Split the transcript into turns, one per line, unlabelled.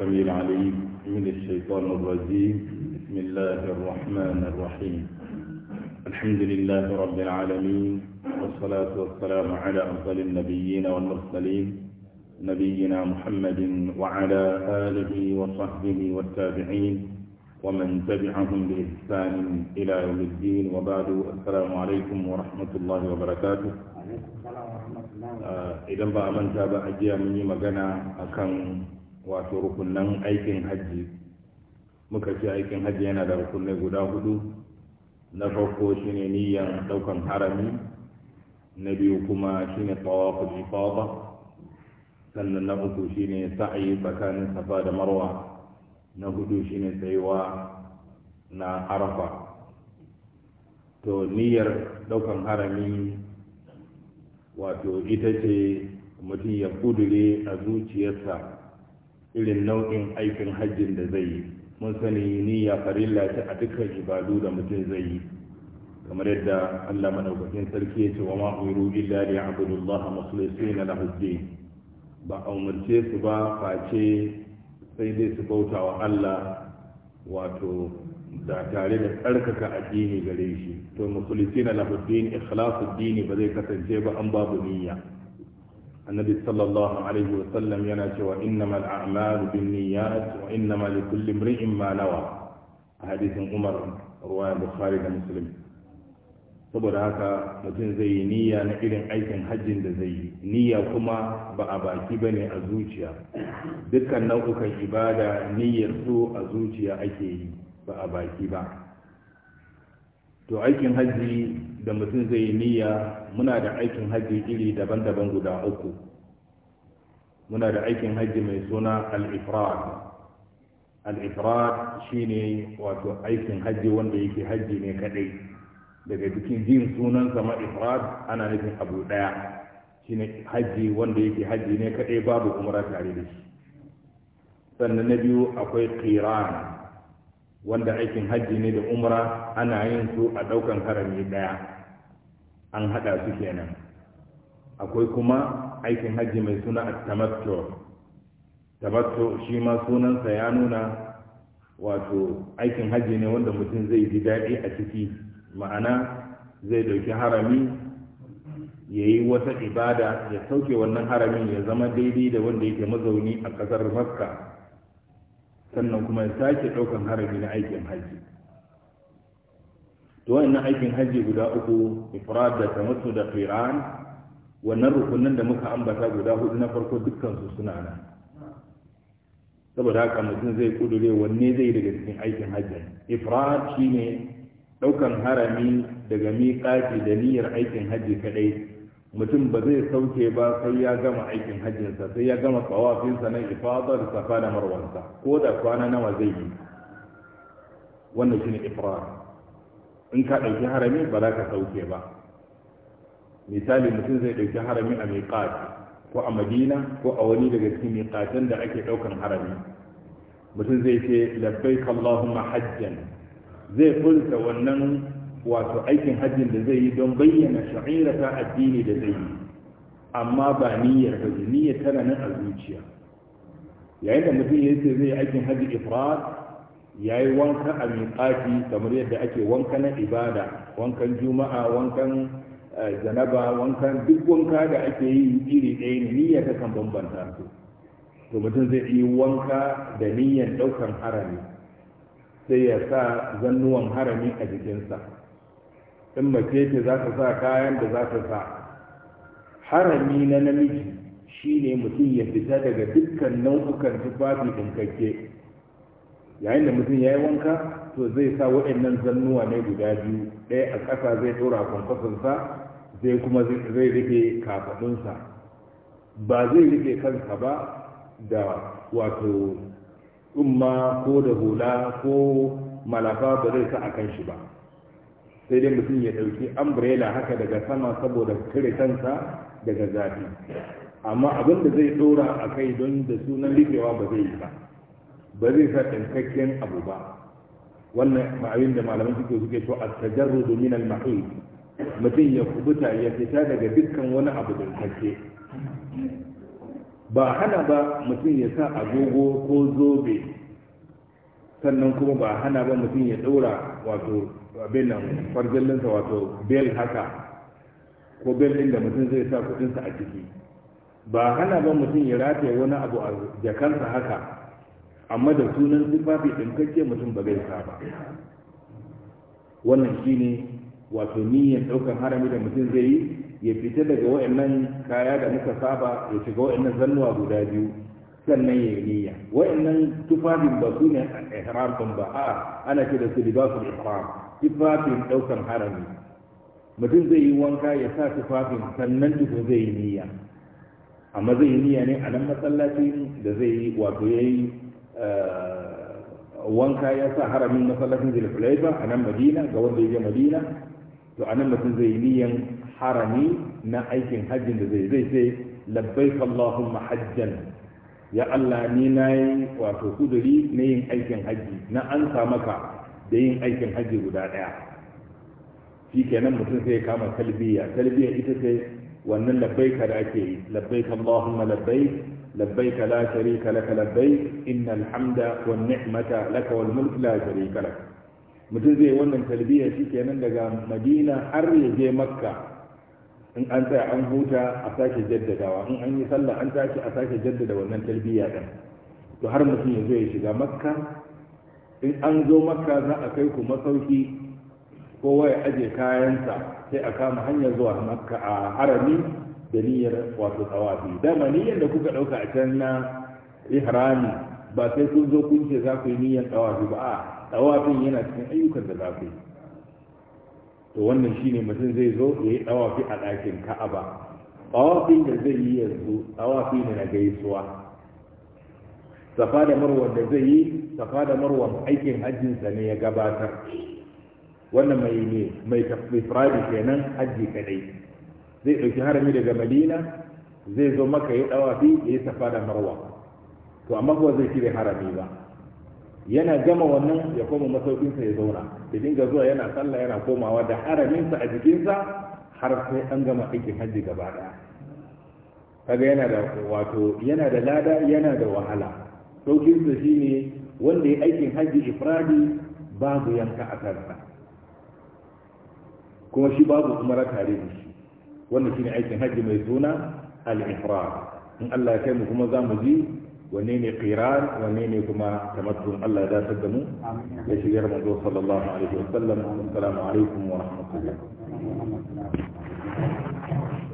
السميع العليم من الشيطان الرجيم بسم الله الرحمن الرحيم الحمد لله رب العالمين والصلاة والسلام على أفضل النبيين والمرسلين نبينا محمد وعلى آله وصحبه والتابعين ومن تبعهم بإحسان إلى يوم الدين وبعد السلام عليكم ورحمة الله وبركاته إذا بقى من تابع أجيال مني مغنى أكن wato rukunan aikin hajji muka ce aikin hajji yana da rukunai guda hudu na farko shine niyyar daukan harami na biyu kuma shine tawaful ifada sannan na uku shine sa'ayi tsakanin safa da marwa na hudu shine tsayuwa na arafa to niyyar daukan harami wato ita ce mutum ya kudure a zuciyarsa irin nau'in aikin hajjin da zai yi mun sani niyya farilla ta a dukkan ibadu da mutum zai yi kamar yadda Allah madaukakin sarki ya ce wa ma umiru illa li ya'budullaha mukhlisina lahu din ba a umarce su ba face sai dai su bauta wa Allah wato da tare da tsarkaka addini gare shi to mukhlisina lahu din ikhlasu dini ba zai kasance ba an babu niyya annabi sallallahu alaihi wa sallam yana cewa innamal a'malu binniyat wa innama likulli imri'in ma nawa a hadisin Umar ruwayan Bukhari da Muslim saboda haka mutum zai yi niyya na irin aikin hajjin da zai yi niyya kuma ba a baki ba ne a zuciya dukkan nau'ukan ibada niyyar su a zuciya ake yi ba a baki ba to aikin hajji da mutum zai yi niyya muna da aikin hajji iri daban-daban guda uku muna da aikin hajji mai suna al-ifrad al-ifrad shine wato aikin hajji wanda yake hajji ne kadai daga cikin jin sunan sama ifrad ana nufin abu daya shine hajji wanda yake hajji ne kadai babu umra tare da shi sannan na biyu akwai qiran wanda aikin hajji ne da umra ana yin su a ɗaukan harami daya an haɗa su kenan akwai kuma aikin hajji mai suna a tamattu shi ma sunansa ya nuna wato aikin hajji ne wanda mutum zai ji daɗi a ciki ma'ana zai ɗauki harami ya yi wata ibada ya sauke wannan haramin ya zama daidai da wanda yake mazauni a ƙasar makka sannan kuma ya sake ɗaukan harabi na aikin hajji to na aikin hajji guda uku ifrad da tamattu da qiran wannan rukunin da muka ambata guda hudu na farko dukkan su suna nan saboda haka mutum zai kudure wanne zai daga cikin aikin hajji ifrad shine ɗaukan harami daga miƙati da niyyar aikin hajji kaɗai mutum ba zai sauke ba sai ya gama aikin hajjinsa sai ya gama tsawafinsa na ifadar safa da marwansa ko da kwana nawa zai yi wannan shi ne ifrad in ka ɗauki harami ba za ka sauke ba misali mutum zai ɗauki harami a miƙat ko a madina ko a wani daga cikin miƙatan da ake ɗaukan harami mutum zai ce labbaik allahumma hajjan zai furta wannan wato aikin hajjin da zai yi don bayyana sha'ira ta addini da zai yi amma ba niyyar ba niyyar tana nan a zuciya yayin da mutum yace zai yi aikin hajji ifrad yayi wanka a miqati kamar yadda ake wanka na ibada wankan juma'a wankan eh, janaba wankan duk wanka da ake yi iri ɗaya ne niyyar ta kan bambanta su to mutum zai yi wanka da niyyar ɗaukan harami sai ya sa zannuwan harami a jikinsa in mace ce za ta sa kayan da za ta sa harami na namiji shine mutum ya fita daga dukkan nau'ukan tufafi dinkakke yayin da mutum ya yi wanka to zai sa waɗannan zannuwa ne guda biyu ɗaya a ƙasa zai ɗora kwankwasonsa zai kuma zai rufe kafaɗinsa ba zai rufe kansa ba da wato umma ko da hula ko malafa ba zai sa a kan shi ba sai dai mutum ya ɗauki umbrella haka daga sama saboda kare kansa daga zafi amma abin da zai ɗora a kai don da sunan rufewa ba zai yi ba ba zai sa tsinkakken abu ba wannan ma'abin da malaman suke suke so a tajarru domin al mutum ya kubuta ya fita daga dukkan wani abu tsinkakke ba hana ba mutum ya sa agogo ko zobe sannan kuma ba hana ba mutum ya ɗaura wato abin nan farjallinsa wato bel haka ko bel ɗin da mutum zai sa kuɗinsa a ciki ba hana ba mutum ya rataye wani abu a jakansa haka amma da sunan tufafi ɗinkakke mutum ba zai sa ba wannan shine wato niyyar ɗaukar harami da mutum zai yi ya fita daga wa'annan kaya da muka saba ya shiga wa'annan zannuwa guda biyu sannan ya yi niyya wa'annan tufafin ba su ne ihram ɗin ba a ana ce da su libasul ihram tufafin ɗaukan harami mutum zai yi wanka ya sa tufafin sannan tuku zai yi niyya amma zai yi niyya ne a nan masallacin da zai yi wato ya yi eh, wanka ya sa haramin masallacin zulfulaifa a nan madina ga wanda ya je madina to a nan mutum zai yi niyyan harami na aikin hajjin da zai zai sai labbaik allahumma hajjan ya Allah ni na yi wato kuduri na yin aikin hajji na an maka da yin aikin hajji guda ɗaya shi kenan mutum sai kama talbiya talbiya ita ce wannan labbaika da ake yi labbaika Allahumma labbaik labbaika la sharika laka labbaik innal hamda wan ni'mata laka wal mulk la sharika lak mutum zai wannan talbiya shi kenan daga Madina har ya je Makka in an tsaya an huta a sake jaddadawa in an yi sallah an tashi a sake jaddada wannan tarbiyya din to har mutum ya zo ya shiga makka in an zo makka za a kai ku masauki kowa ya aje kayansa sai a kama hanyar zuwa makka a harami da niyyar wato tsawafi dama niyyar da kuka ɗauka a can na ihrami ba sai kun zo kun ce za ku yi niyyar tsawafi ba a tsawafin yana cikin ayyukan da za ku yi to wannan shine mutum zai zo ya yi a ɗakin ka'aba dawafin da zai yi yanzu dawafi ne na gaisuwa safa da marwan da zai yi safa da marwan aikin hajjinsa ne ya gabatar wannan mai ne mai kenan hajji kadai zai ɗauki harami daga madina zai zo maka ya dawafi ya yi safa da marwa to amma kuwa zai shirya harami ba yana gama wannan ya koma masaukinsa ya zauna ya dinga zuwa yana sallah yana komawa da haraminsa a jikinsa har sai an gama aikin hajji gaba ɗaya kaga yana da wato yana da lada yana da wahala saukinsa shine wanda ya aikin hajji ifradi babu yanka a kansa kuma shi babu umara tare da shi wannan shine aikin hajji mai suna al-ifrad in Allah ya kai mu kuma za mu ji ونيني قيران ونيني كما تمدهم الله ذا تقدموا لشي صلى الله عليه وسلم السلام عليكم ورحمة الله